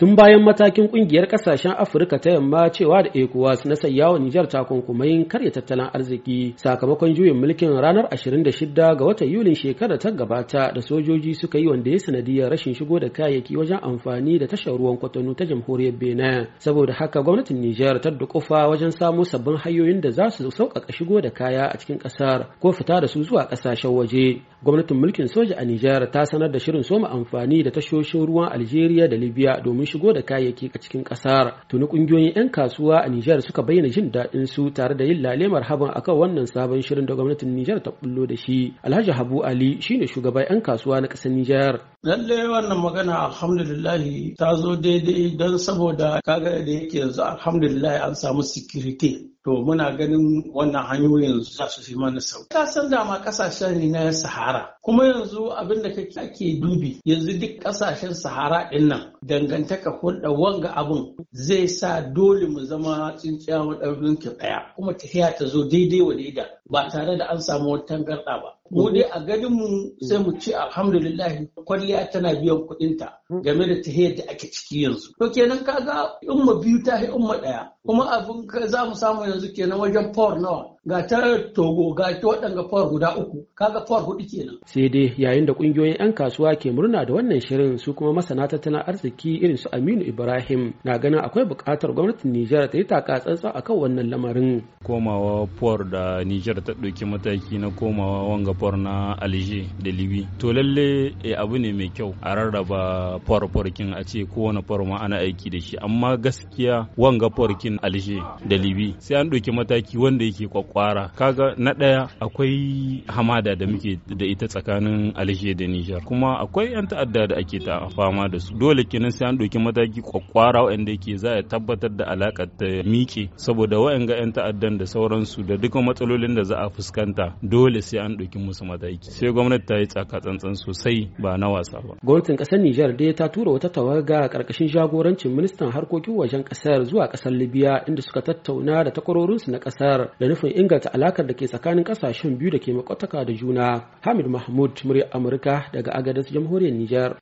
Tun bayan matakin kungiyar kasashen Afirka ta yamma cewa da ECOWAS na wa Nijar takunkumai karya tattalin arziki sakamakon juyin mulkin ranar 26 ga watan Yulin shekarar ta gabata da sojoji suka yi wanda ya sanadiyar rashin shigo da kayayyaki wajen amfani da tashar ruwan kwatano ta jamhuriyar Benin. Saboda haka gwamnatin Nijar ta dukufa wajen samo sabbin hanyoyin da za su sauƙaƙa shigo da kaya a cikin ƙasar ko fita da su zuwa ƙasashen waje. gwamnatin mulkin soja a Nijar ta sanar da shirin soma amfani da tashoshin ruwan Algeria da Libya domin shigo da kayayyaki a cikin kasar. Tuni kungiyoyin 'yan kasuwa a Nijar suka bayyana jin daɗin su tare da yin lalemar haban akan wannan sabon shirin da gwamnatin Nijar ta bullo da shi. Alhaji Habu Ali shine shugaban 'yan kasuwa na ƙasar Nijar. Lalle wannan magana alhamdulillah ta zo daidai don saboda kaga da yake yanzu alhamdulillah an samu sikiriti to muna ganin wannan hanyoyin za su fi mana sauki. Ka san dama kasashen na Sahara kuma yanzu abin da ake dubi yanzu duk kasashen sahara din nan dangantaka hulɗa wanga abin zai sa dole mu zama tsinciya waɗannan ki ɗaya kuma tafiya ta zo daidai wa daida ba tare da an samu wata tangarɗa ba mu dai a ganin mu sai mu ce alhamdulillah kwalliya tana biyan kuɗinta game da tahiyar da ake ciki yanzu to kenan kaga umma biyu ta umma ɗaya kuma abin za mu samu yanzu kenan wajen power nawa ga ta togo ga ta waɗanga fawar guda uku kaga fawar hudu kenan sai dai yayin da kungiyoyin 'yan kasuwa ke murna da wannan shirin su kuma masana tattalin arziki irin su aminu ibrahim na ganin akwai buƙatar gwamnatin nijar ta yi taka tsantsan a kan wannan lamarin komawa fawar da nijar ta ɗauki mataki na komawa wanga fawar na alger da libi to lalle eh, abu ne mai kyau a rarraba fawar farkin a ce kowane fawar ma ana aiki da shi amma gaskiya wanga farkin alger da libi sai an ɗauki mataki wanda yake kwakwa kwara kaga na ɗaya akwai hamada da muke da ita tsakanin alishe da nijar kuma akwai 'yan ta'adda da ake ta fama da su dole kenan sai an ɗauki mataki kwakwara wanda yake za a tabbatar da alaƙar ta miƙe saboda waɗanga 'yan ta'addan da sauransu da duka matsalolin da za a fuskanta dole sai an ɗauki musu mataki sai gwamnati ta yi tsaka tsantsan sosai ba na wasa ba gwamnatin ƙasar nijar dai ta tura wata tawaga ƙarƙashin jagorancin ministan harkokin wajen ƙasar zuwa ƙasar libiya inda suka tattauna da takwarorinsu na ƙasar da nufin inganta alakar da ke tsakanin kasashen biyu da ke makwataka da juna hamid mahmud murya amurka daga agadas jamhuriyar Nijar.